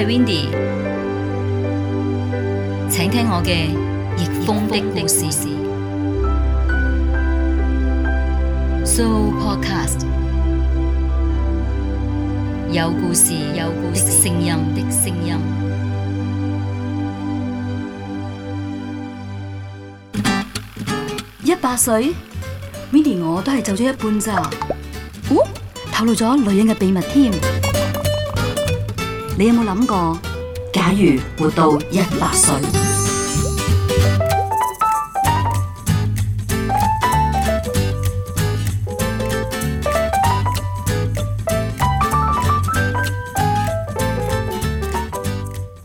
係 Windy，請聽我嘅逆風的故事。So podcast 有故事，有聲音的聲音。一百歲，Windy 我都係走咗一半咋？哦，透露咗女人嘅秘密添。你有冇諗過，假如活到一百歲？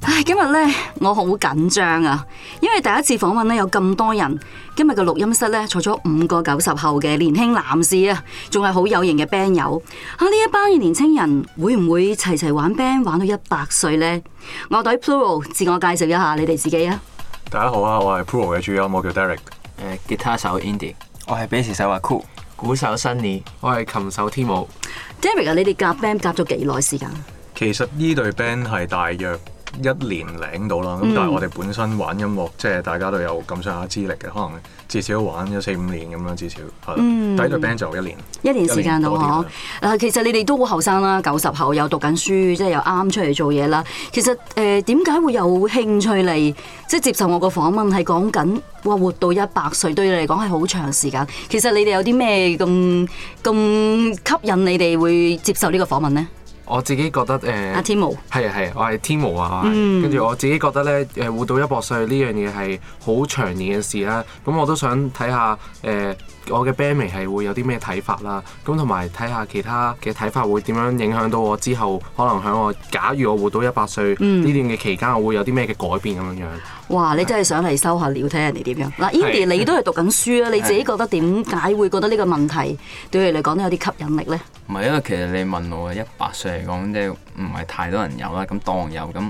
唉，今日咧，我好緊張啊，因為第一次訪問咧，有咁多人。今日個錄音室咧坐咗五個九十後嘅年輕男士啊，仲係好有型嘅 band 友啊！呢一班嘅年青人會唔會齊齊玩 band 玩到一百歲呢？樂隊 Plural 自我介紹一下你哋自己啊！大家好啊，我係 Plural 嘅主音，我叫 Derek，誒、呃，吉他手 Andy，我係貝斯手 Kool，鼓手 Sunny，我係琴手 Timo。Derek 啊，你哋夾 band 夾咗幾耐時間？其實呢隊 band 係大約。一年領到啦，咁但係我哋本身玩音樂，即係大家都有咁上下資歷嘅，可能至少玩咗四五年咁樣，至少係。第、嗯、一對 band、嗯、就一年，一年時間到嗬。啊，其實你哋都好後生啦，九十後又讀緊書，即係又啱出嚟做嘢啦。其實誒，點解會有興趣嚟即係接受我個訪問？係講緊哇，活到一百歲對你嚟講係好長時間。其實你哋有啲咩咁咁吸引你哋會接受呢個訪問呢？我自己覺得誒，係、呃、啊係，我係 Timur 啊，跟住、嗯、我自己覺得咧誒，活到一百歲呢樣嘢係好長年嘅事啦，咁我都想睇下誒。呃我嘅 band 味係會有啲咩睇法啦？咁同埋睇下其他嘅睇法會點樣影響到我之後，可能喺我假如我活到一百歲呢、嗯、段嘅期間，我會有啲咩嘅改變咁樣哇是樣？哇是！Y，你真係想嚟收下料，睇下人哋點樣嗱。Indy，你都係讀緊書啊？你自己覺得點解會覺得呢個問題對你嚟講都有啲吸引力咧？唔係，因為其實你問我一百歲嚟講，即係唔係太多人有啦？咁當有咁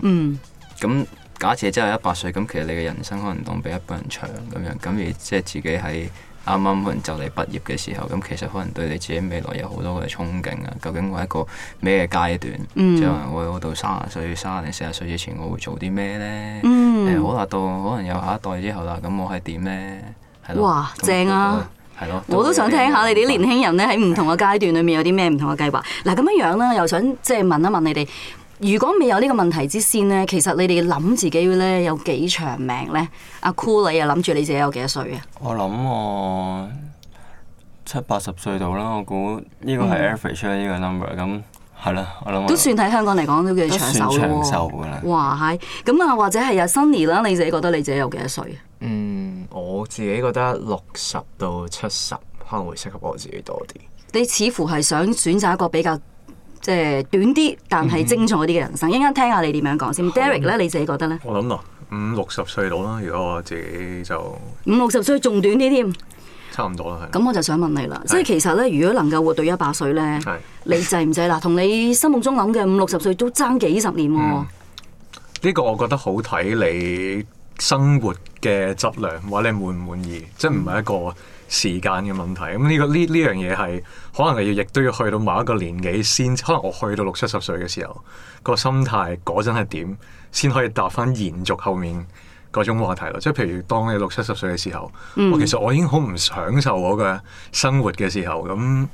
咁、嗯、假設真係一百歲咁，其實你嘅人生可能當比一般人長咁樣咁，而即係自己喺。啱啱可能就嚟畢業嘅時候，咁其實可能對你自己未來有好多嘅憧憬啊！究竟我係一個咩嘅階段？嗯，就係我到卅歲、卅零四十歲之前，我會做啲咩咧？嗯，好啦，到可能有下一代之後啦，咁我係點咧？係咯，哇，那正啊！係咯，我都想聽下你啲年輕人咧，喺唔同嘅階段裏面有啲咩唔同嘅計劃。嗱，咁樣樣啦，又想即係、即係、問一問，問你哋。如果未有呢個問題之先呢，其實你哋諗自己呢有幾長命呢？阿庫你啊，諗住你自己有幾多歲啊？我諗我七八十歲到啦，我估呢個係 average 啦，呢、嗯、個 number 咁係啦，我諗都算喺香港嚟講都叫長壽嘅喎。啊、長壽哇係！咁啊，或者係阿 Sunny 啦，你自己覺得你自己有幾多歲啊？嗯，我自己覺得六十到七十可能會適合我自己多啲。你似乎係想選擇一個比較。即係短啲，但係精彩啲嘅人生。嗯、一陣聽下你點樣講先。的 Derek 咧呢，你自己覺得咧？我諗啦，五六十歲到啦。如果我自己就五六十歲仲短啲添，差唔多啦。係。咁我就想問你啦，是即係其實咧，如果能夠活到一百歲咧，是你制唔制啦？同是你心目中諗嘅五六十歲都爭幾十年喎、啊。呢、嗯這個我覺得好睇你生活嘅質量，或者你滿唔滿意，即係唔係一個。時間嘅問題，咁、嗯、呢、這個呢呢樣嘢係可能係要，亦都要去到某一個年紀先，可能我去到六七十歲嘅時候，個心態嗰陣係點，先可以答返延續後面嗰種話題咯。即係譬如當你六七十歲嘅時候，我、嗯哦、其實我已經好唔享受我嘅生活嘅時候，咁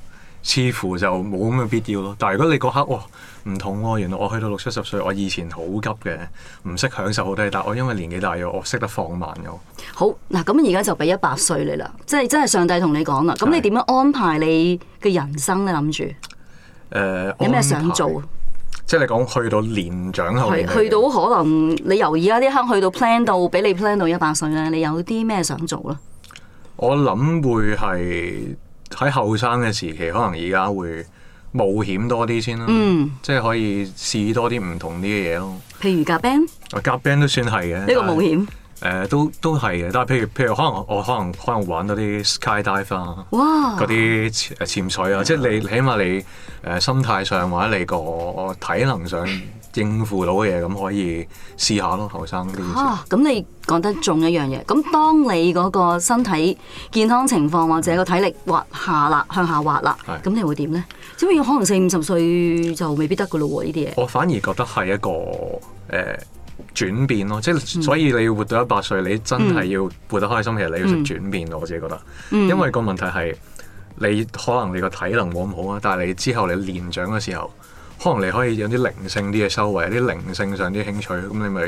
似乎就冇咁嘅必要咯。但係如果你嗰刻，哦唔同喎，哦，原來我去到六七十歲，我以前好急嘅，唔識享受好低，但我因為年紀大咗，我我識得放慢咗。好嗱，咁而家就俾一百歲你啦，即係真係上帝同你講啦。咁是你點樣安排你嘅人生咧？諗住，誒、呃，有咩想做？即係你講去到年長後去到可能你由而家呢刻去到 plan 到俾你 plan 到一百歲咧，你有啲咩想做咧？我諗會係喺後生嘅時期，可能而家會。冒險多啲先啦，嗯，即係可以試多啲唔同啲嘅嘢咯。譬如夾 band，啊，夾 band 都算係嘅，呢個冒險。誒、呃，都都係嘅，但係譬如譬如可能我可能可能玩多啲 skydiving 啊，哇，嗰啲誒潛水啊，即係你起碼你誒、呃、心態上或者你個體能上。 應付到嘅嘢咁可以試下咯，後生啲。咁、啊、你講得仲一樣嘢。咁當你嗰個身體健康情況或者個體力滑下啦，向下滑啦，咁是你會點呢？所以可能四五十歲就未必得噶咯喎，呢啲嘢。我反而覺得係一個誒、呃、轉變咯，即係、嗯、所以你要活到一百歲，你真係要活得開心，嗯、其實你要轉變。嗯、我自己覺得，因為個問題係你可能你個體能好唔好啊，但係你之後你年長嘅時候。可能你可以有啲靈性啲嘅收穫，有啲靈性上啲興趣，咁你咪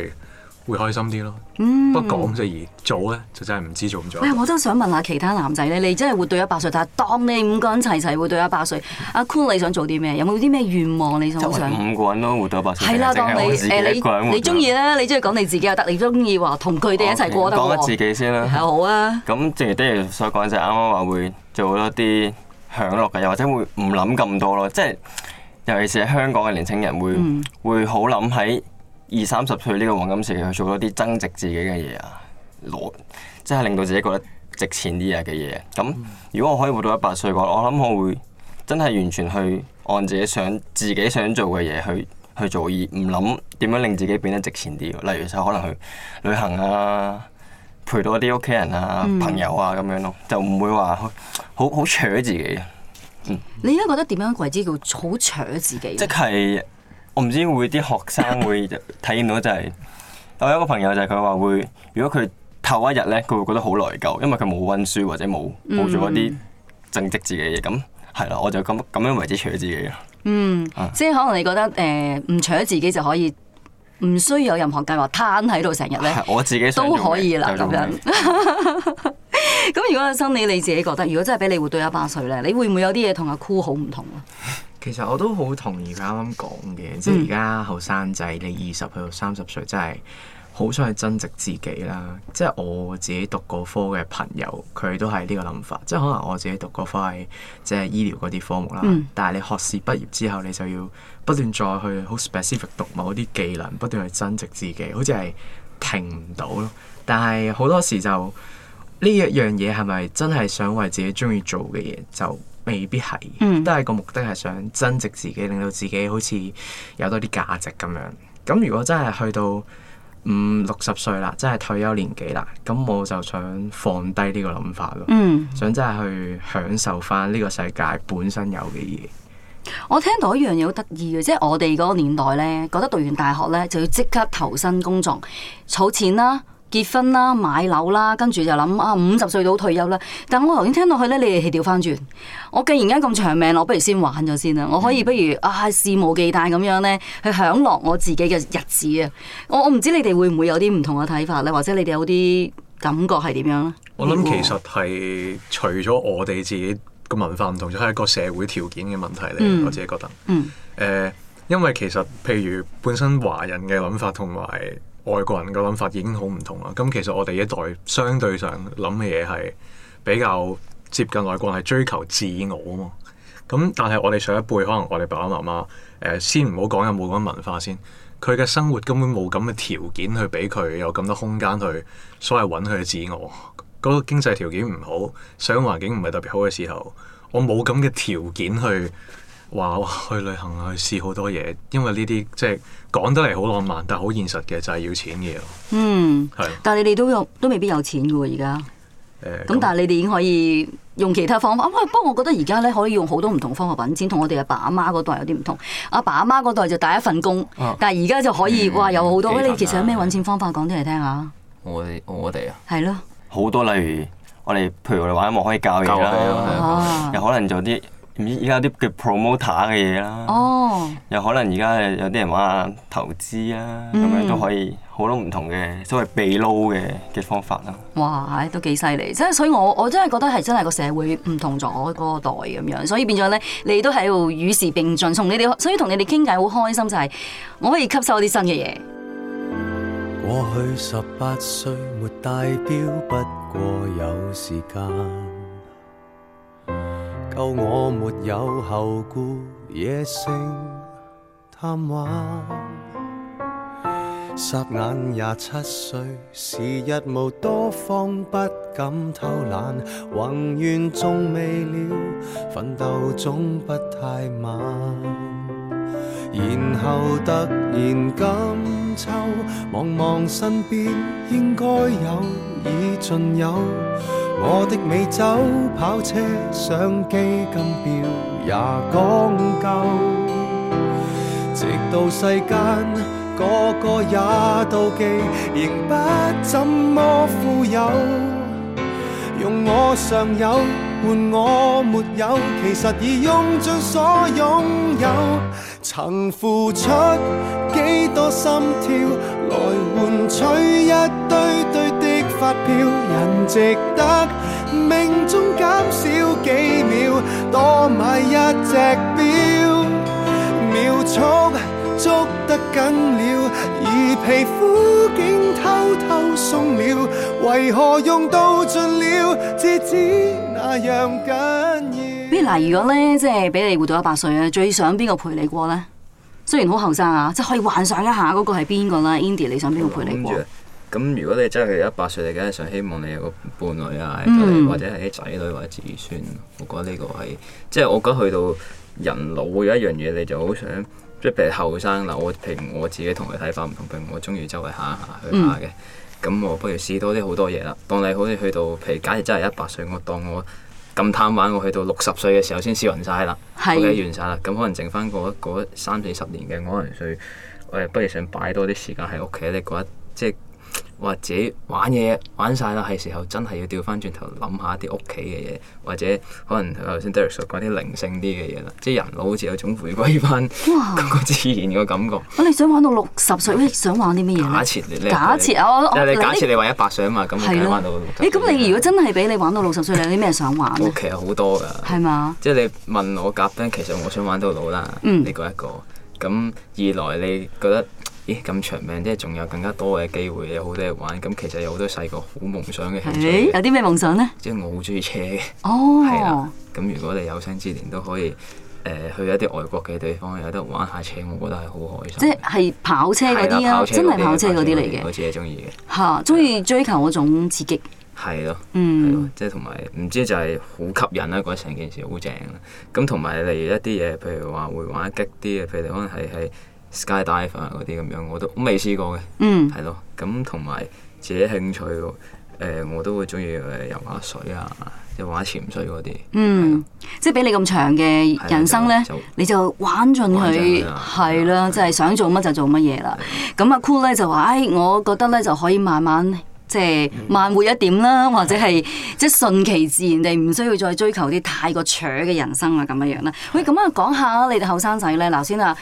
會開心啲咯。嗯、不過咁就而做咧，就真係唔知做唔做。啊！我都想問下其他男仔咧，你真係活到一百歲，但係當你五個人齊齊活到一百歲，阿 c o 你想做啲咩？有冇啲咩願望你想做？就五個人都活到一百歲。係啦、啊，當你當你你中意咧，你中意講你自己又得，你中意話同佢哋一齊過得。哦、講自己先啦。嗯、好啊。咁正如所，正如想講就係啱啱話會做多啲享樂嘅，又或者會唔諗咁多咯，即係。尤其是香港嘅年青人會，會、嗯、會好諗喺二三十歲呢個黃金時期去做多啲增值自己嘅嘢啊，攞即係令到自己覺得值錢啲嘅嘢。咁如果我可以活到一百歲嘅話，我諗我會真係完全去按自己想、自己想做嘅嘢去去做，而唔諗點樣令自己變得值錢啲。例如就可能去旅行啊，陪到一啲屋企人啊、嗯、朋友啊咁樣咯，就唔會話好好、好扯自己。嗯，你依家覺得點樣為之叫好？錫自己？即係我唔知會啲學生會體驗到就係、是、 我有一個朋友就係佢話會，如果佢唞一日咧，佢會覺得好內疚，因為佢冇溫書或者冇冇做啲正職自己嘅嘢。咁係啦，我就咁咁樣為之錫自己咯。嗯，嗯即係可能你覺得誒唔錫自己就可以。唔需要有任何計劃，攤喺度成日咧，我自己都可以啦咁樣。咁 如果係生理，你自己覺得，如果真係俾你活到一百歲咧，你會唔會有啲嘢同阿酷好唔同啊？ 其實我都好同意佢啱啱講嘅，即係而家後生仔，你二十去到三十歲真係。好想去增值自己啦，即係我自己讀過科嘅朋友，佢都係呢個諗法。即係可能我自己讀過科係即係醫療嗰啲科目啦，嗯、但係你學士畢業之後，你就要不斷再去好 specific 讀某啲技能，不斷去增值自己，好似係停唔到咯。但係好多時就呢一樣嘢係咪真係想為自己中意做嘅嘢，就未必係都係個目的係想增值自己，令到自己好似有多啲價值咁樣。咁如果真係去到，五六十歲啦，即係、嗯、退休年紀啦，咁我就想放低呢個諗法咯，嗯、想真係去享受翻呢個世界本身有嘅嘢。我聽到一樣嘢好得意嘅，即係我哋嗰個年代呢，覺得讀完大學呢，就要即刻投身工作，儲錢啦。結婚啦，買樓啦，跟住就諗啊，五十歲到退休啦。但我頭先聽落去咧，你哋係調翻轉。我既然而家咁長命，我不如先玩咗先啦。嗯、我可以不如啊，肆無忌憚咁樣咧，去享樂我自己嘅日子啊。我我唔知你哋會唔會有啲唔同嘅睇法咧，或者你哋有啲感覺係點樣咧？我諗其實係除咗我哋自己個文化唔同，仲係一個社會條件嘅問題咧。嗯、我自己覺得，嗯，嗯因為其實譬如本身華人嘅諗法同埋。外國人嘅諗法已經好唔同啦，咁其實我哋一代相對上諗嘅嘢係比較接近外國人，係追求自我啊嘛。咁但係我哋上一輩可能我哋爸爸媽媽誒先唔好講有冇咁嘅文化先，佢嘅生活根本冇咁嘅條件去俾佢有咁多空間去所謂揾佢嘅自我。嗰個經濟條件唔好，生活環境唔係特別好嘅時候，我冇咁嘅條件去。話去旅行去試好多嘢，因為呢啲即係講得嚟好浪漫，但係好現實嘅就係要錢嘅咯。嗯，係，但係你哋都有都未必有錢嘅喎，而家。誒，咁但係你哋已經可以用其他方法。不過我覺得而家咧可以用好多唔同方法搵錢，同我哋阿爸阿媽嗰代有啲唔同。阿爸阿媽嗰代就打一份工，但係而家就可以哇有好多。你其實有咩搵錢方法講啲嚟聽下？我哋，我哋啊，係咯，好多例如我哋，譬如我哋玩一望可以教嘢啦，又可能做啲。而家啲叫 promoter 嘅嘢啦，哦，oh. 又可能而家有啲人話投資啊，咁、mm. 樣都可以好多唔同嘅所謂避撈嘅嘅方法啦。哇，都幾犀利！即係所以我我真係覺得係真係個社會唔同咗嗰、那個代咁樣，所以變咗咧，你都喺度與時並進，從你哋所以同你哋傾偈好開心就係、是、我可以吸收啲新嘅嘢。過去十八歲沒帶錶，不過有時間。夠我沒有後顧，野性貪玩。霎眼廿七歲，時日無多方，方不敢偷懶。宏願縱未了，奮鬥總不太晚。然後突然今秋，望望身邊，應該有已盡有。我的美酒、跑車相機金表也講究，直到世間個個也妒忌，仍不怎麼富有。用我尚有換我沒有，其實已用盡所擁有，曾付出幾多心跳來換取一。不如嗱，如果咧即係俾你活到一百歲啊，最想邊個陪你過咧？雖然好後生啊，即係可以幻想一下嗰個係邊個啦。Indie，你想邊個陪你過？咁如果你真係一百歲，你梗係想希望你有個伴侶啊，或者係啲仔女或者子孫。我覺得呢個係，即係我覺得去到人老有一樣嘢，你就好想，即係譬如後生嗱，我譬如我自己同佢睇法唔同，譬如我中意周圍行下、去下嘅。咁我不如試多啲好多嘢啦。當你好似去到譬如假設真係一百歲，我當我咁貪玩，我去到六十歲嘅時候先試勻晒啦，OK 完晒啦。咁可能剩翻嗰嗰三四十年嘅，我可能想我係不如想擺多啲時間喺屋企，你覺得？即係。或者玩嘢玩晒啦，係時候真係要調翻轉頭諗下啲屋企嘅嘢，或者可能頭先 Derek 講啲靈性啲嘅嘢啦，即係人老好似有種迴歸翻嗰個自然嘅感覺。你想玩到六十歲，你想玩啲咩嘢？假設你，假設我，假設你話一百歲啊嘛，咁你玩到誒，咁？你如果真係俾你玩到六十歲，你有啲咩想玩咧？屋企好多㗎。係嘛？即係你問我夾 band，其實我想玩到老啦。你呢一個咁二來，你覺得？咦，咁長命即係仲有更加多嘅機會，有好多嘢玩。咁其實有好多細個好夢想嘅興趣，有啲咩夢想呢？即係我好中意車。哦，係啊。咁如果你有生之年都可以誒、呃、去一啲外國嘅地方，有得玩下車，我覺得係好開心。即係跑車嗰啲啊，真係跑車嗰啲嚟嘅。我自己中意嘅吓，中意、啊、追求嗰種刺激。係咯，係咯，嗯，即係同埋唔知就係好吸引啦。嗰一成件事好正。咁同埋例如一啲嘢，譬如話會玩得激啲嘅，譬如可能係係。Skydiver 嗰啲咁樣，我都未試過嘅，嗯，係咯。咁同埋自己興趣，誒我都會中意誒遊下水啊，即玩下潛水嗰啲。嗯，即係俾你咁長嘅人生咧，你就玩盡佢，係啦，即係想做乜就做乜嘢啦。咁阿 Cool 咧就話，誒，我覺得咧就可以慢慢即係慢活一點啦，或者係即係順其自然地，唔需要再追求啲太過扯嘅人生啊咁樣樣啦。喂，咁樣講下你哋後生仔咧，嗱，先啊。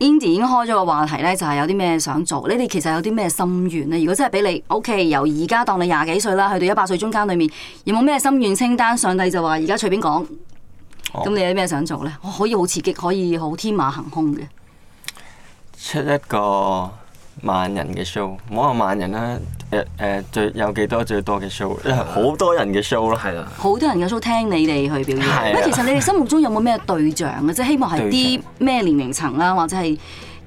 Andy 已經開咗個話題呢就係、是、有啲咩想做？你哋其實有啲咩心願呢？如果真係俾你 okay，由而家當你廿幾歲啦，去到一百歲中間裏面，有冇咩心願清單？上帝就話而家隨便講，咁、oh. 你有咩想做呢？可以好刺激，可以好天馬行空嘅。出一個。萬人嘅 show，唔好話萬人啦，誒誒最、呃、最有幾多最多嘅 show，好 多人嘅 show 咯，好多人嘅 show 聽你哋去表演，咁對了 其實你哋心目中有冇咩對象啊？即係希望係啲咩年齡層啦，或者係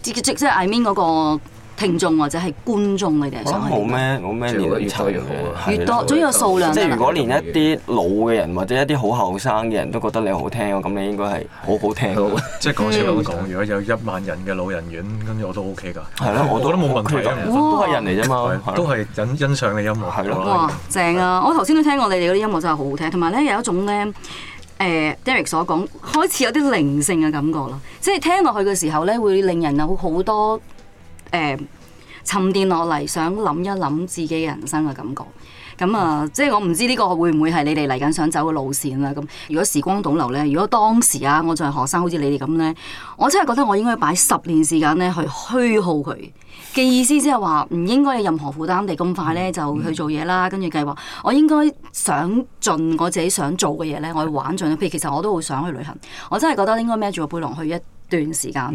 即即即 I mean 嗰個。聽眾或者係觀眾嘅，你哋想？冇咩冇咩越多越好啊！越多總有數量。即係如果連一啲老嘅人或者一啲好後生嘅人都覺得你好聽，咁你應該係好好聽。即係講笑講，如果有一萬人嘅老人院，跟住我都 OK 㗎。係咯，我都冇問題。都係人嚟啫嘛，都係欣欣賞嘅音樂。係咯。正啊！我頭先都聽過你哋嗰啲音樂，真係好好聽。同埋咧有一種咧，誒，Derek 所講，開始有啲靈性嘅感覺咯。即係聽落去嘅時候咧，會令人有好多。呃、沉澱落嚟，想諗一諗自己嘅人生嘅感覺。咁啊、呃，即係我唔知呢個會唔會係你哋嚟緊想走嘅路線啦。咁如果時光倒流呢？如果當時啊，我仲係學生，好似你哋咁呢，我真係覺得我應該擺十年時間呢去虛耗佢嘅意思，即係話唔應該有任何負擔地咁快呢就去做嘢啦。跟住計劃，我應該想盡我自己想做嘅嘢呢，我去玩盡。譬如其實我都會想去旅行，我真係覺得應該孭住個背囊去一。段時間，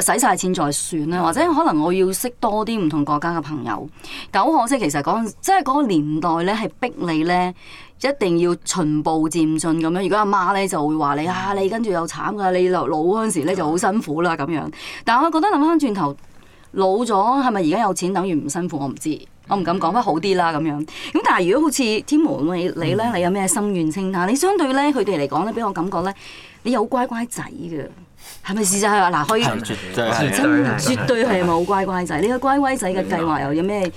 使晒錢再算啦，或者可能我要識多啲唔同國家嘅朋友。但好可惜，其實嗰陣，即係嗰個年代咧，係逼你咧一定要循步漸進咁樣。如果阿媽咧就會話你啊，你跟住又慘噶，你老嗰陣時咧就好辛苦啦咁樣。但係我覺得諗翻轉頭，老咗係咪而家有錢等於唔辛苦？我唔知，我唔敢講話好啲啦咁樣。咁但係如果好似天門你你咧，你有咩心願清單？嗱，你相對咧佢哋嚟講咧，俾我感覺咧，你有乖乖仔㗎。係咪事實係話嗱？可以真絕對係冇、嗯、乖乖仔。呢個乖乖仔嘅計劃又有咩？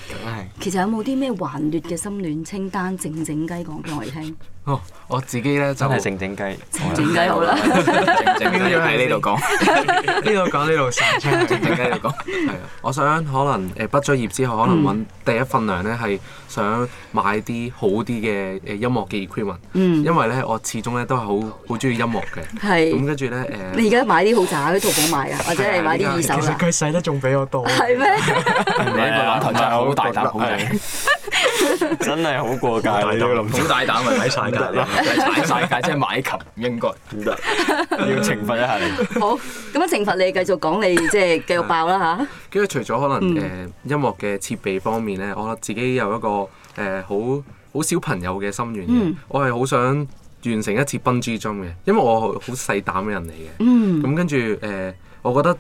其實有冇啲咩頑劣嘅心亂清單？靜靜雞講俾我哋聽。嗯嗯嗯我自己咧就係靜靜雞，靜靜雞好啦。靜靜雞要喺呢度講？呢度講呢度，靜靜雞嚟講。係啊，我想可能誒畢咗業之後，可能揾第一份糧咧，係想買啲好啲嘅誒音樂嘅 equipment。因為咧我始終咧都係好好鍾意音樂嘅。咁跟住咧誒，你而家買啲好雜喺淘寶買啊，或者係買啲二手。其實佢使得仲比我多。係咩？唔係唔係，好大膽好嘅，真係好過界。好大膽咪買曬。得啦！全世界即係買琴，應該唔得， 要懲罰一下你。 好，咁樣懲罰你，繼續講你，即係繼續爆啦吓，跟住、啊、其實除咗可能誒、嗯呃、音樂嘅設備方面咧，我自己有一個誒、呃、好好小朋友嘅心願。嗯、我係好想完成一次 Bungee Jump 嘅，因為我好細膽嘅人嚟嘅。咁跟住誒，我覺得呢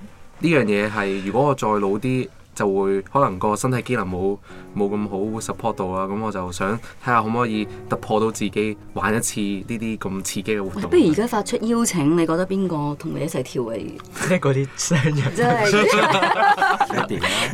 樣嘢係如果我再老啲。就會可能個身體機能冇冇咁好 support 到啦，咁我就想睇下可唔可以突破到自己，玩一次呢啲咁刺激嘅活動。不如而家發出邀請，你覺得邊個同你一齊跳嚟？即係嗰啲聲真係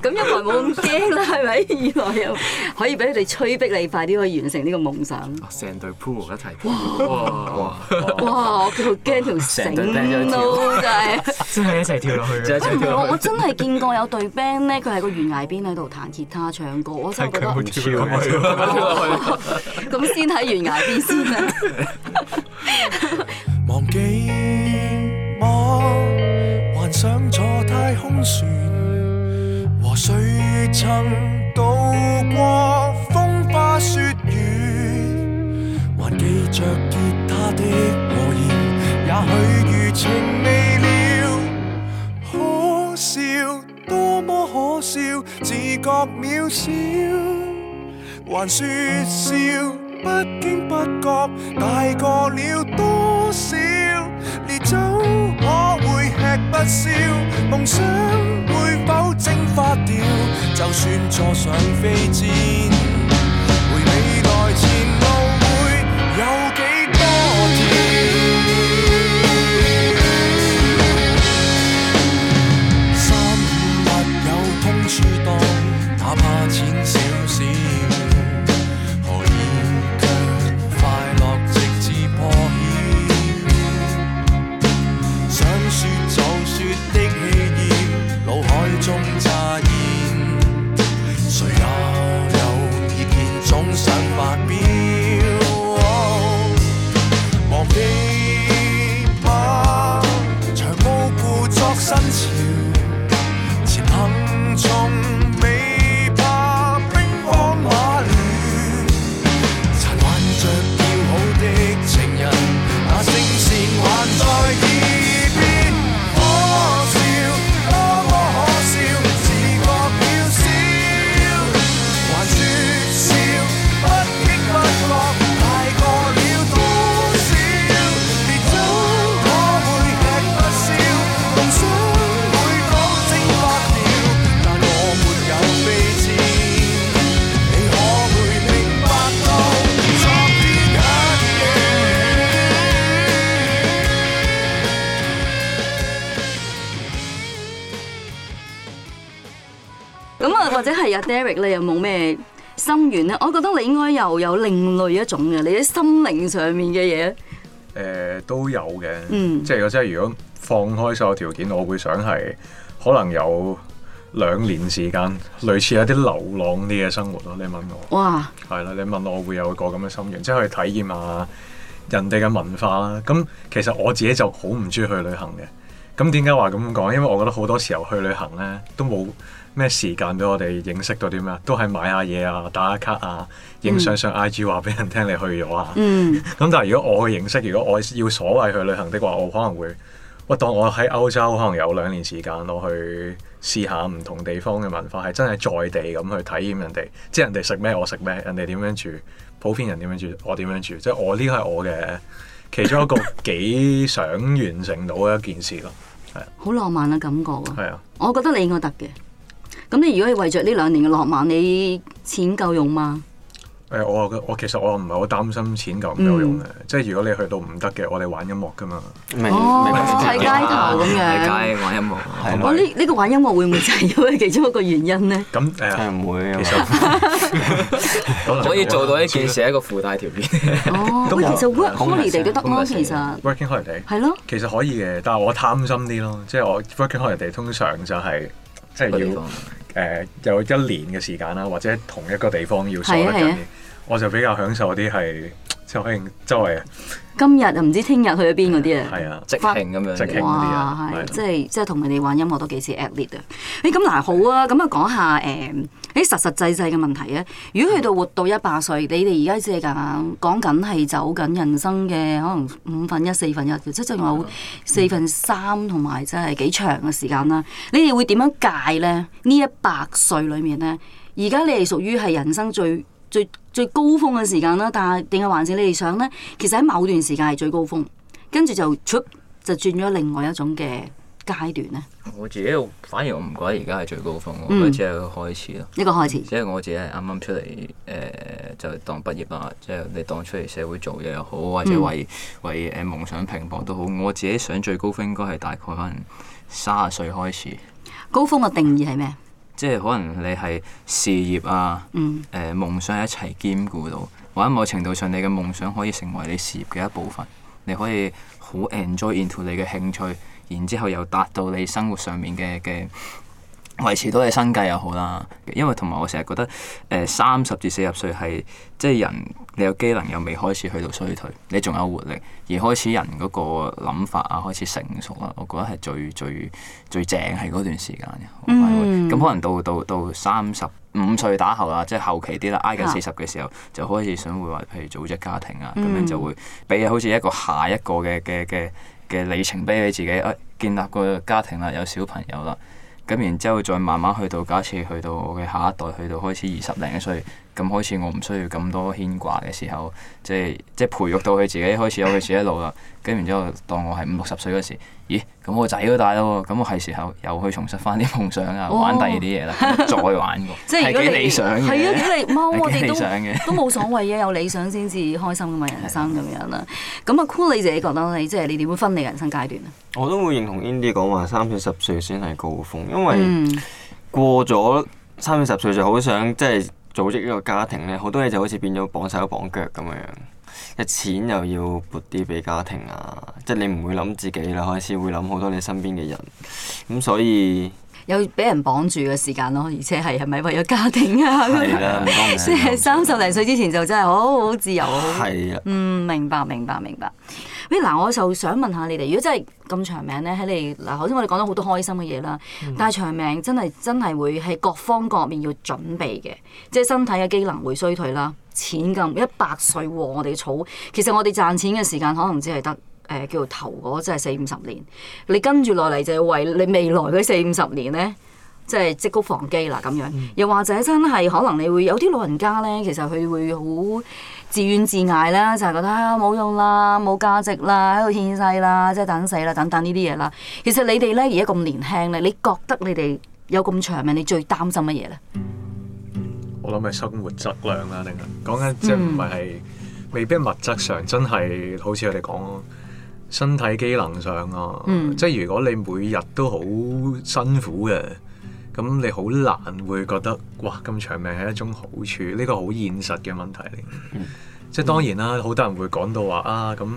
咁，一來冇咁驚啦，係咪？二來又可以俾佢哋催逼你快啲去完成呢個夢想。成隊 pool 一齊，哇哇哇！我驚條繩真係，真係一齊跳落去。我真係見過有隊 band 咧，喺個懸崖邊喺度彈吉他唱歌，是我真係覺得唔錯。咁 先喺懸崖邊先啊！忘記我，還想坐太空船和誰曾渡過風花雪月？還記着結他的果然，也許餘情未了。笑，多麼可笑，自覺渺小，還説笑，不經不覺大過了多少，烈酒可會吃不消，夢想會否蒸發掉？就算坐上飛箭。或者係阿 Derek，你有冇咩心願咧？我覺得你應該又有，有另類一種嘅，你啲心靈上面嘅嘢。誒、呃、都有嘅，嗯，即係即係，如果放開所有條件，我會想係可能有兩年時間，類似一啲流浪啲嘅生活咯。你問我，哇，係啦，你問我會有個咁嘅心願，即係去體驗下人哋嘅文化啦。咁其實我自己就好唔中意去旅行嘅。咁點解話咁講？因為我覺得好多時候去旅行咧都冇。咩時間俾我哋認識到啲咩？都係買下嘢啊，打下卡啊，影相上 IG 話俾人聽你去咗啊。咁、嗯、但係如果我去認識，如果我要所謂去旅行的話，我可能會我當我喺歐洲可能有兩年時間，我去試下唔同地方嘅文化，係真係在地咁去體驗人哋，即係人哋食咩我食咩，人哋點樣住，普遍人點樣住，我點樣住，即係我呢個係我嘅其中一個幾想完成到嘅一件事咯。係好浪漫嘅、啊、感覺啊。啊的，我覺得你應該得嘅。咁你如果係為着呢兩年嘅浪漫，你錢夠用嗎？誒、 呃，我我其實我唔係好擔心錢夠唔夠用嘅，即係如果你去到唔得嘅，我哋玩音樂噶嘛。哦，喺、啊、街頭咁樣，喺街玩音樂。呢呢個玩音樂會唔會就係因為其中一個原因咧？咁誒唔會，其實 可，可以做到一件事，一個附帶條件。哦，喂，其實 working holiday 都得咯，其實 working holiday 係咯，其實可以嘅，但係我貪心啲咯，即、就、係、是、我 working holiday 通常就係、是。即係要誒、呃、有一年嘅時間啦，或者同一個地方要鎖得緊啲，啊啊、我就比較享受啲係。周圍啊！今日又唔知聽日去咗邊嗰啲啊，係啊，即咁樣，即興即係即係同佢哋玩音樂都幾似 at 列啊！誒，咁嗱好啊，咁啊講下誒，啲實實際際嘅問題啊！如果去到活到一百歲，你哋而家即係講講緊係走緊人生嘅可能五分一、四分一，即係仲有四分三同埋即係幾長嘅時間啦。你哋會點樣界咧？呢一百歲裏面咧，而家你哋屬於係人生最最。最高峰嘅時間啦，但係點解還是你哋想咧？其實喺某段時間係最高峰，跟住就出就轉咗另外一種嘅階段咧。我自己反而我唔覺得而家係最高峰，嗯、我覺得即係開始咯。一個開始。即係我自己係啱啱出嚟，誒、呃、就當畢業啊，即、就、係、是、你當出嚟社會做嘢又好，或者為、嗯、為誒夢想拼搏都好，我自己想最高峰應該係大概可能卅歲開始。高峰嘅定義係咩？即係可能你係事業啊，誒、嗯呃、夢想一齊兼顧到，或者某程度上你嘅夢想可以成為你事業嘅一部分，你可以好 enjoy into 你嘅興趣，然之後又達到你生活上面嘅嘅。維持到你生計又好啦，因為同埋我成日覺得，誒三十至四十歲係即係人，你有機能又未開始去到衰退，你仲有活力，而開始人嗰個諗法啊，開始成熟啦、啊，我覺得係最最最正係嗰段時間嘅、啊。咁、嗯、可能到到到三十五歲打後啦，即係後期啲啦，挨近四十嘅時候，就開始想會話，譬如組織家庭啊，咁、啊、樣就會俾好似一個下一個嘅嘅嘅嘅里程碑俾你自己、啊，建立個家庭啦，有小朋友啦。咁然之後，再慢慢去到，假設去到我嘅下一代，去到開始二十零歲。咁開始，我唔需要咁多牽掛嘅時候，即係即係培育到佢自己開始有佢自己路啦。跟住然之後，當我係五六十歲嗰時，咦？咁我仔都大咯，咁我係時候又去重拾翻啲夢想啊，哦、玩第二啲嘢啦，再玩過。哦、即係幾理想嘅，係啊，幾理想嘅，都冇所謂啊！有理想先至開心噶嘛，人生咁樣啦。咁啊，Cool，你自己覺得你即係你點樣分你人生階段啊？我都會認同 Indy 講話，三四十歲先係高峰，因為過咗三四十歲就好想即係。 組織一個家庭咧，好多嘢就好似變咗綁手綁腳咁樣，即係錢又要撥啲俾家庭啊，即係你唔會諗自己啦，開始會諗好多你身邊嘅人，咁所以。有俾人綁住嘅時間咯，而且係係咪為咗家庭啊？係啦，當然。即係三十零歲之前就真係好好自由啊！係啊的，嗯，明白明白明白。嗱、哎，我就想問下你哋，如果真係咁長命咧，喺你嗱，頭先我哋講咗好多開心嘅嘢啦，嗯、但係長命真係真係會係各方各面要準備嘅，即係身體嘅機能會衰退啦，錢咁一百歲喎，我哋儲，其實我哋賺錢嘅時間可能只係得。誒，叫做頭嗰即係四五十年，你跟住落嚟就為你未來嗰四五十年咧，即係積穀防饑啦咁樣。嗯、又或者真係可能你會有啲老人家咧，其實佢會好自怨自艾啦，就係、是、覺得冇、哎、用啦、冇價值啦、喺度獻世啦、即、就、係、是、等死啦、等等呢啲嘢啦。其實你哋咧而家咁年輕咧，你覺得你哋有咁長命，你最擔心乜嘢咧？我諗係生活質量啦，定係講緊即係唔係係未必物質上真係好似我哋講。身體機能上啊，嗯、即係如果你每日都好辛苦嘅，咁你好難會覺得哇咁長命係一種好處，呢個好現實嘅問題嚟。嗯、即係當然啦，嗯、好多人會講到話啊，咁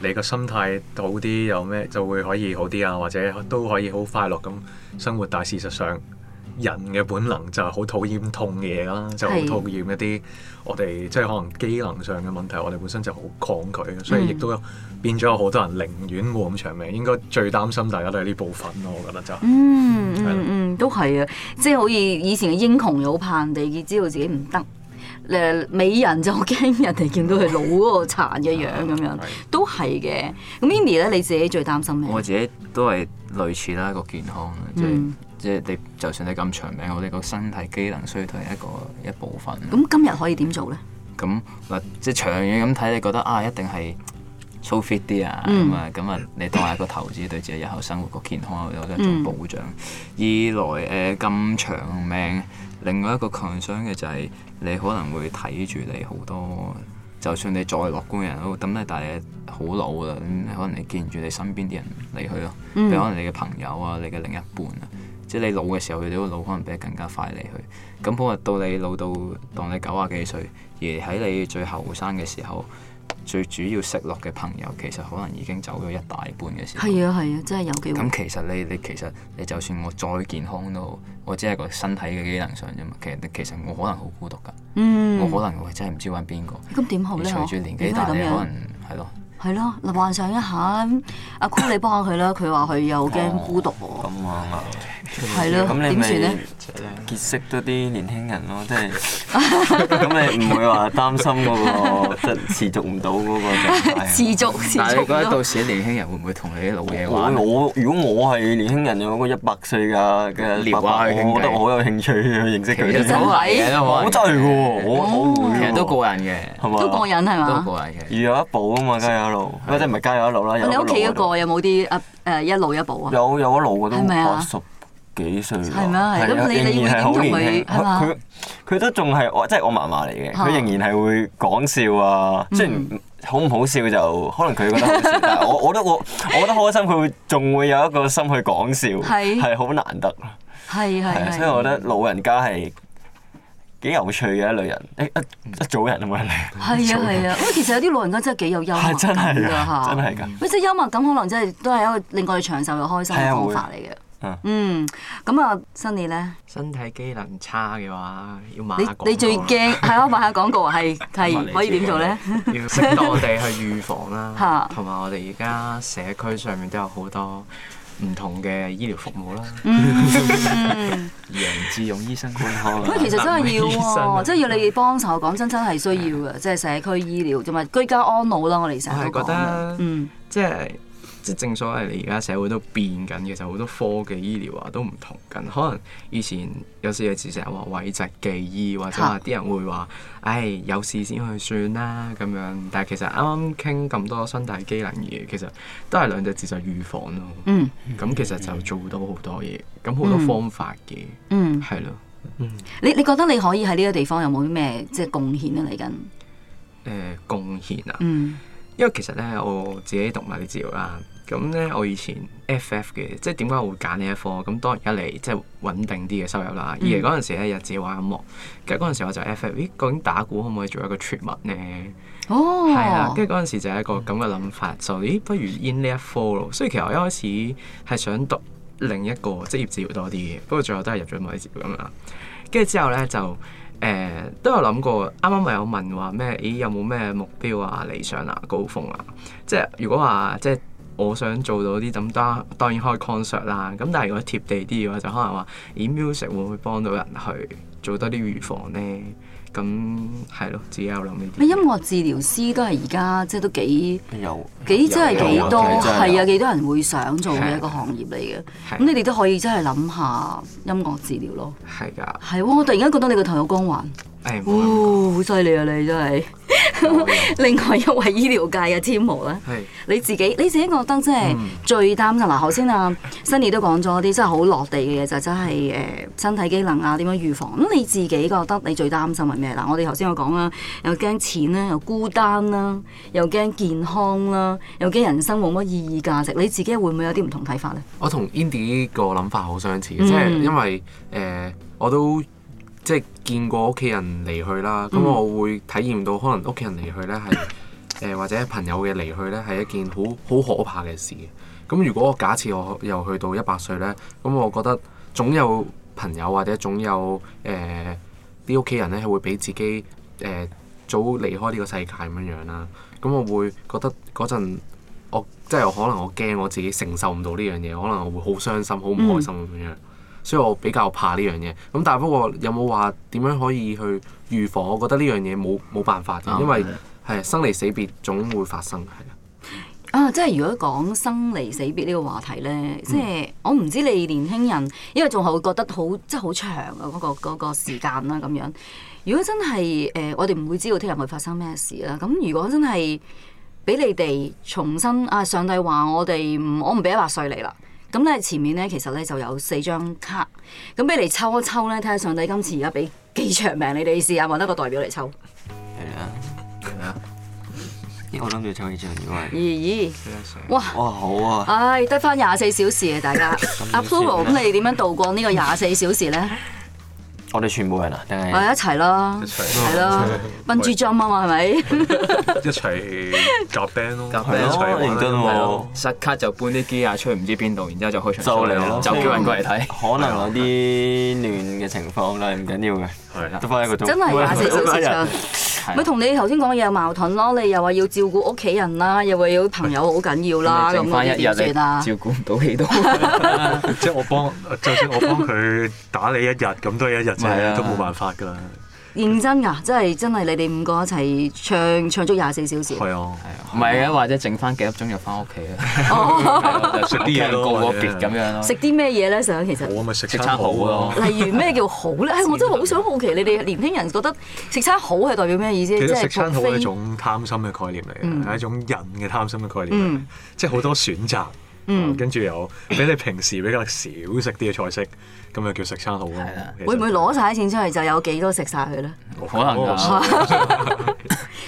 你個心態好啲，有咩就會可以好啲啊，或者都可以好快樂咁生活，但係事實上。人嘅本能就係好討厭痛嘅嘢啦，就好討厭一啲我哋是的 即係可能機能上嘅問題，我哋本身就好抗拒，所以亦都變咗有好多人寧願冇咁長命。應該最擔心大家都係呢部分咯，我覺得就係、嗯，係咯是的、嗯嗯嗯，都係啊，即係好似以前嘅英雄又好怕人哋知道自己唔得，誒，美人就驚人哋見到佢老嗰個殘嘅樣咁樣， 啊、都係嘅。咁 Yenny 咧，你自己最擔心咩？我自己都係類似啦，一個健康啊，嗯、即係。即係你，就算你咁長命，我哋個身體機能衰退一個一部分。咁今日可以點做咧？咁嗱、嗯，即係長遠咁睇，你覺得啊，一定係 so fit 啲啊，咁啊，咁啊，你當係一個投資，對自己日後生活個健康有一種保障。二來誒咁長命，另外一個 concern 嘅就係你可能會睇住你好多，就算你再樂觀嘅人，好、Myers，咁你但係好老啦，咁可能你見住你身邊啲人離去咯，你可能你嘅朋友啊，你嘅另一半啊。浪 Lyn Clean er 即係你老嘅時候，佢哋都老，可能比你更加快你去。咁可能到你老到當你九啊幾歲，而喺你最後生嘅時候，最主要識落嘅朋友其實可能已經走咗一大半嘅時候。係啊係啊，真係有機會。咁其實你你其實你就算我再健康都好，我只係個身體嘅機能上啫嘛。其實你其實我可能好孤獨㗎。嗯。我可能我真係唔知揾邊個。咁點好咧？隨住年紀大，可你可能係咯。係咯、啊，幻想一下，阿 c 你幫下佢啦。佢話佢又驚孤獨喎。咁、哦、啊！係咯，咁你咪結識多啲年輕人咯，即係咁你唔會話擔心嗰個即係持續唔到嗰個狀態。持續，持續。但係你覺得到時啲年輕人會唔會同你啲老嘢玩？我如果我係年輕人，有個一百歲噶嘅爸爸，我覺得我好有興趣去認識佢啲老嘢，好醉嘅喎，其實都個人嘅，係嘛？都個人係嘛？都個人嘅。如有一步啊嘛，梗有一路，或者唔係梗有一路啦，有兩步。你屋企嗰個有冇啲誒一路一步啊？有有一路嘅都八十。幾歲？係咩？咁你你已經同佢，佢佢都仲係即係我嫲嫲嚟嘅。佢仍然係會講笑啊，雖然好唔好笑就可能佢覺得好笑，但係我我都我我覺得開心，佢會仲會有一個心去講笑，係好難得。係係，所以我覺得老人家係幾有趣嘅一類人，一一一組人都冇人嚟。係啊係啊，喂，其實有啲老人家真係幾有幽默，真係真係㗎。即係幽默感可能真係都係一個令我哋長壽又開心嘅方法嚟嘅。嗯，咁啊，身你咧？身體機能差嘅話，要買、 嗯、你最驚係咯，發下廣告係係可以點做咧？要適當地去預防啦，同埋我哋而家社區上面都有好多唔同嘅醫療服務啦。嗯，楊志勇醫生健康。咁 其實真係要,、哦 真要，即係要你幫手。講真，真係需要嘅，即係社區醫療同埋居家安老啦。我哋成日都覺得，嗯、即係。即正所謂，你而家社會都變緊嘅，就好多科技醫療啊都唔同緊。可能以前有啲有字成日話諱疾忌醫，或者啲人會話，唉，有事先去算啦咁樣。但係其實啱啱傾咁多身體機能嘢，其實都係兩隻字就預防咯。嗯，咁其實就做到好多嘢，咁好多方法嘅。嗯，係咯。你你覺得你可以喺呢個地方有冇啲咩即係貢獻啊？嚟緊？誒，貢獻啊？嗯。因為其實咧，我自己讀物理治療啦，咁咧我以前 FF 嘅，即係點解我會揀呢一科？咁當然一嚟即係穩定啲嘅收入啦。二嚟嗰陣時咧，日子玩音樂，跟住嗰陣時我就 FF 咦，究竟打鼓可唔可以做一個傳物咧？哦，係啦，跟住嗰陣時就係一個咁嘅諗法，嗯、就咦，不如 in 呢一科咯。所以其實我一開始係想讀另一個職業治療多啲嘅，不過最後都係入咗物理治療咁啦。跟住之後咧就。就誒、欸、都有諗過，啱啱咪有問話咩？咦，有冇咩目標啊、理想啊、高峰啊？即係如果話即係我想做到啲咁，當當然可以 concert 啦。咁但係如果貼地啲嘅話，就可能話咦，music 會唔會幫到人去做多啲預防咧？咁係咯，自己有諗音樂治療師都係而家即係都幾有，有幾即係幾多係啊？幾多人會想做嘅一個行業嚟嘅？咁你哋都可以真係諗下音樂治療咯。係㗎的。係喎，我突然間覺得你個頭有光環。好犀利啊！你真係， 另外一位醫療界嘅天王咧，係你自己，你自己覺得即係最擔心嗱？頭先啊，Sunny 都講咗啲真係好落地嘅嘢，就真係誒，身體機能啊，點樣預防咁？你自己覺得你最擔心係咩？嗱，我哋頭先我講啦，又驚錢啦，又孤單啦，又驚健康啦，又驚人生冇乜意義價值，你自己會唔會有啲唔同睇法咧？我同 Andy 個諗法好相似，即係、嗯、因為誒、呃，我都。即係見過屋企人離去啦，咁我會體驗到可能屋企人離去咧係，誒或者朋友嘅離去咧係一件好好可怕嘅事。咁如果我假設我又去到一百歲咧，咁我覺得總有朋友或者總有誒啲屋企人咧係會畀自己誒、呃、早離開呢個世界咁樣樣啦。咁我會覺得嗰陣我即係可能我驚我自己承受唔到呢樣嘢，可能我會好傷心、好唔開心咁樣。嗯。所以我比較怕呢樣嘢，咁但係不過有冇話點樣可以去預防？我覺得呢樣嘢冇冇辦法，因為係、啊、的生離死別總會發生，係啊。即係如果講生離死別呢個話題呢，嗯、即係我唔知你年輕人，因為仲係會覺得好即係好長啊嗰、嗰個嗰、嗰個時間啦咁樣。如果真係誒、呃，我哋唔會知道聽日會發生咩事啦。咁如果真係俾你哋重新啊，上帝話我哋唔，我唔俾一百歲你啦。咁咧前面咧，其實咧就有四張卡，咁俾你抽一抽咧，睇下上帝今次而家俾幾長命你哋試下，揾一個代表嚟抽。嚟啦，嚟啦！我諗住抽張二張嘅喎。咦咦！哇哇，好啊！唉、哎，得翻廿四小時啊，大家阿 Polo 咁你點樣度過呢個廿四小時咧？ 我哋全部人啊，定係我哋一齊咯，係咯，笨豬裝啊嘛，係咪？一齊夾 band 咯，夾 band 咯，認真喎！即刻就搬啲機啊出去唔知邊度，然之後就開場 show 嚟咯，就叫人過嚟睇。可能有啲亂嘅情況啦，唔緊要嘅，係啦，得翻一個鍾。真係廿四小時唱，咪同你頭先講嘢有矛盾咯？你又話要照顧屋企人啦，又話要朋友好緊要啦，咁樣。翻一日先啦，照顧唔到幾多。即係我幫，就算我幫佢打你一日，咁都係一日。唔係啊，都冇辦法㗎啦！認真㗎，真係真係你哋五個一齊唱唱足廿四小時。係啊，唔係啊，或者剩翻幾粒鐘又翻屋企啊！食啲嘢高過別咁樣咯。食啲咩嘢咧？想其實食餐好咯。例如咩叫好咧？唉，我真係好想好奇，你哋年輕人覺得食餐好係代表咩意思？即係食餐好係一種貪心嘅概念嚟嘅，係一種人嘅貪心嘅概念，即係好多選擇。嗯，跟住有，比你平時比較少食啲嘅菜式，咁咪叫食餐好咯。的實會唔會攞晒啲錢出去就有幾多食晒佢咧？可能啊，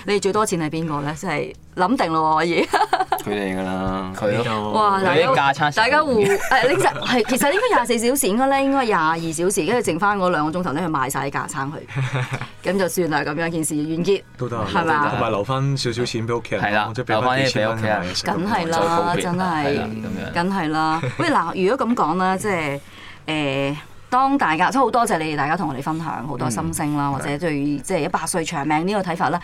你哋最多錢係邊個咧？即係諗定咯，可以。 佢哋噶啦，佢咯，佢啲架撐，大家互誒拎實，係其實應該廿四小時，應該咧應該廿二小時，跟住剩翻嗰兩個鐘頭咧去賣晒啲架撐去，咁就算啦，咁樣件事完結，都得，係嘛？同埋留翻少少錢俾屋企人，係啦，留係翻啲錢俾屋企人。梗係啦，真係，梗係啦。喂，嗱，如果咁講啦，即係誒，當大家，即好多謝你哋大家同我哋分享好多心聲啦，或者對即係一百歲長命呢個睇法啦。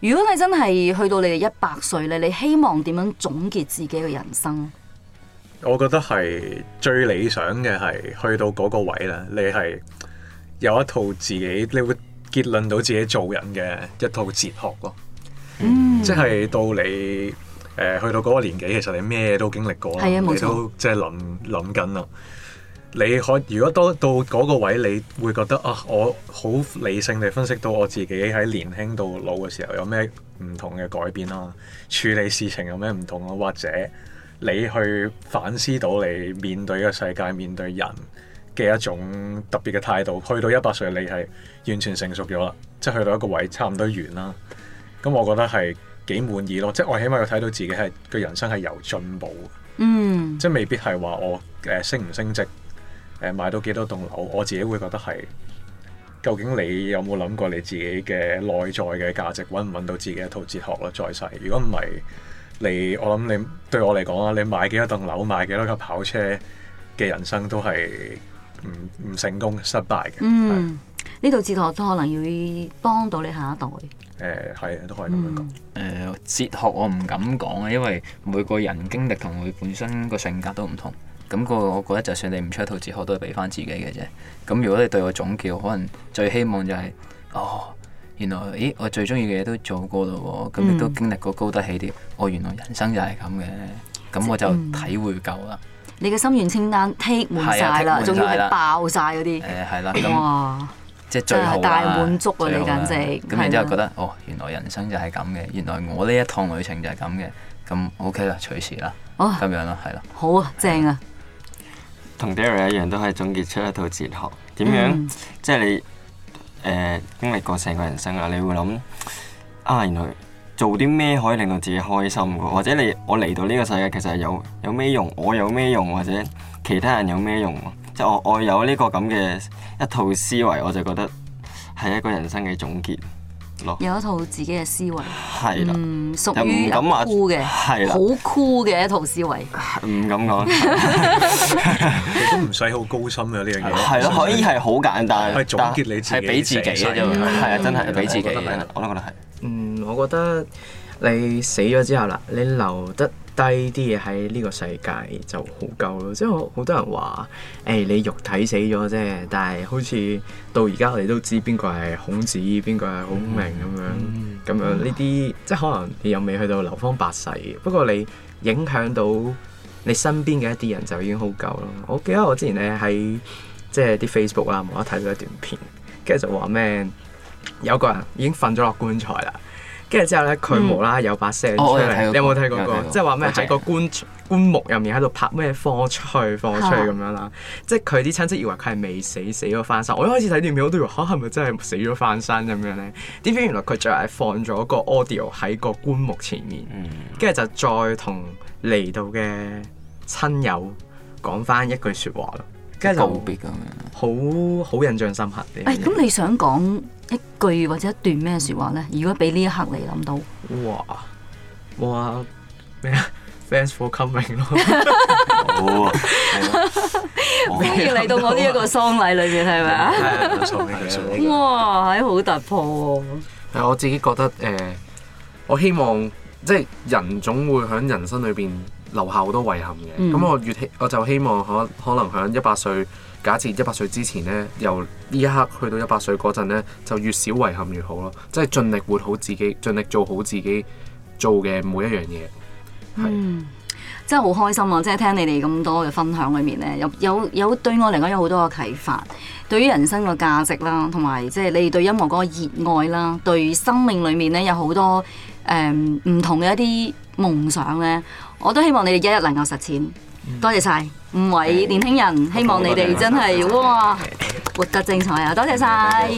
如果你真係去到你哋一百歲咧，你希望點樣總結自己嘅人生？我覺得係最理想嘅係去到嗰個位啦，你係有一套自己你會結論到自己做人嘅一套哲學咯。即係、嗯、到你誒、呃、去到嗰個年紀，其實你咩都經歷過，冇錯你都即係諗諗緊啦。你可如果到到嗰個位，你會覺得啊，我好理性地分析到我自己喺年輕到老嘅時候有咩唔同嘅改變啦、啊，處理事情有咩唔同啊，或者你去反思到你面對嘅世界、面對人嘅一種特別嘅態度。去到一百歲，你係完全成熟咗啦，即係去到一個位差唔多完啦。咁我覺得係幾滿意咯，即係我起碼要睇到自己係個人生係有進步。嗯，mm. 即係未必係話我誒升唔升職。誒買到幾多棟樓，我自己會覺得係究竟你有冇諗過你自己嘅內在嘅價值，揾唔揾到自己一套哲學咯，在世。如果唔係你，我諗你對我嚟講啦，你買幾多棟樓，買幾多架跑車嘅人生都係唔唔成功、失敗嘅。嗯，呢套是哲學都可能要幫到你下一代。誒、呃，係啊，都可以咁樣講。誒、嗯呃，哲學我唔敢講啊，因為每個人經歷同佢本身個性格都唔同。咁個我覺得就算你唔出一套哲學，都係俾翻自己嘅啫。咁如果你對我總結，可能最希望就係哦，原來咦，我最中意嘅嘢都做過咯，咁亦都經歷過高德起跌，哦，原來人生就係咁嘅，咁我就體會夠啦。你嘅心願清單踢滿晒啦，仲要係爆晒嗰啲，誒係啦，哇，即係最好啦，大滿足啊你簡直，咁然之後覺得哦，原來人生就係咁嘅，原來我呢一趟旅程就係咁嘅，咁 OK 啦，隨時啦，哦咁樣咯係啦，好啊，正啊。同 Darry 一樣，都係總結出一套哲學。點樣？嗯、即係你誒、呃、經歷過成個人生啦，你會諗啊，原來做啲咩可以令到自己開心嘅？或者你我嚟到呢個世界其實係有有咩用？我有咩用？或者其他人有咩用？即係我我有呢個咁嘅一套思維，我就覺得係一個人生嘅總結。有一套自己嘅思維，係啦，屬於酷嘅，係啦，好酷嘅一套思維，唔敢講，你都唔使好高深嘅呢樣嘢，係咯，可以係好簡單，去總結你自己，係俾自己啊，真係俾自己，我都覺得係。嗯，我覺得你死咗之後啦，你留得。低啲嘢喺呢個世界就好夠咯，即係好多人話誒、欸、你肉體死咗啫，但係好似到而家我哋都知邊個係孔子，邊個係孔明咁樣，咁、嗯嗯、樣呢啲、嗯、即係可能你又未去到流芳百世，不過你影響到你身邊嘅一啲人就已經好夠咯。我記得我之前咧喺即係啲 Facebook 啊，啦，我睇到一段片，跟住就話咩有個人已經瞓咗落棺材啦。跟住之後咧，佢無啦有把聲出嚟。你有冇睇過個？即係話咩喺個棺棺木入面喺度拍咩放出去，放出去咁樣啦。即係佢啲親戚以為佢係未死，死咗翻身。我一開始睇段片我都以為嚇，係咪真係死咗翻身咁樣咧？點知原來佢最後係放咗個 audio 喺個棺木前面，跟住就再同嚟到嘅親友講翻一句説話咯，跟住就分別咁樣，好好印象深刻嘅。哎，咁你想講？一句或者一段咩説話咧？如果俾呢一刻嚟諗到哇，哇！冇咩啊 Thanks for coming 咯，好啊！歡迎嚟到我呢一個喪禮裏面，係咪 啊？係哇、 嗯！係好突破喎。係我自己覺得誒、呃，我希望即係人總會喺人生裏邊留下好多遺憾嘅。咁我越我就希望可可能喺一百歲。假設一百歲之前呢，由呢一刻去到一百歲嗰陣呢，就越少遺憾越好咯，即係盡力活好自己，盡力做好自己做嘅每一樣嘢。嗯，真係好開心啊！即係聽你哋咁多嘅分享裏面呢，有有有對我嚟講有好多嘅啟發，對於人生個價值啦，同埋即係你哋對音樂嗰個熱愛啦，對生命裏面呢有，有好多誒唔同嘅一啲夢想呢。我都希望你哋一一能夠實踐。多、嗯、謝晒。五位年輕人，希望你哋真係哇活得精彩啊！多謝晒。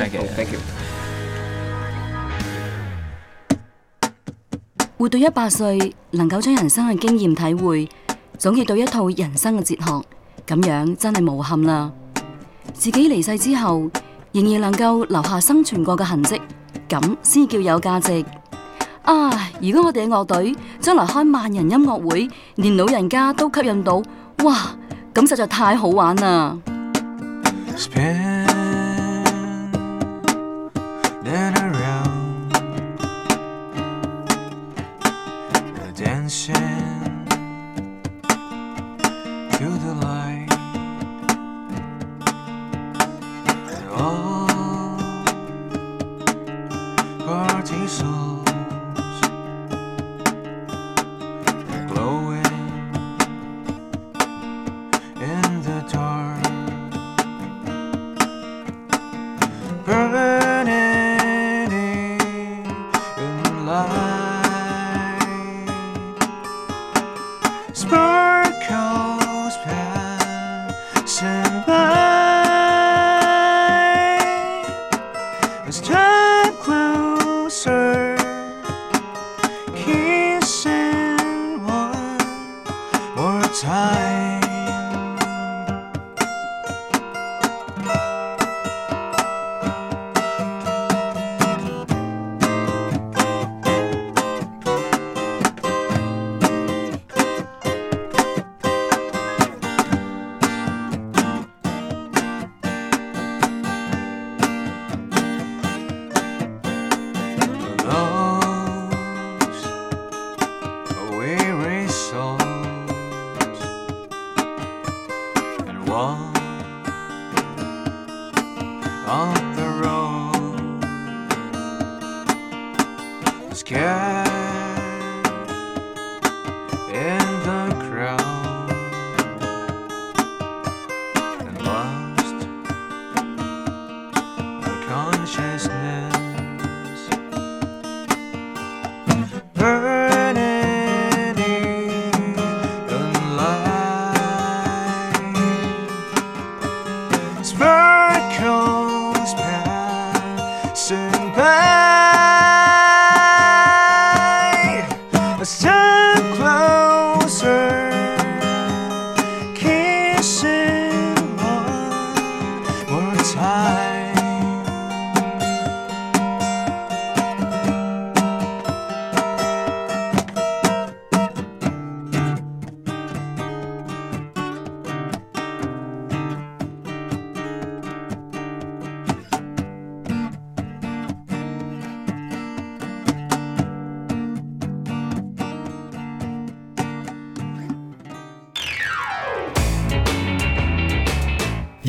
活到一百歲，能夠將人生嘅經驗體會總結到一套人生嘅哲學，咁樣真係無憾啦。自己離世之後，仍然能夠留下生存過嘅痕迹，咁先叫有價值。唉，如果我哋嘅樂隊將來開萬人音樂會，連老人家都吸引到，哇！咁實在太好玩啦！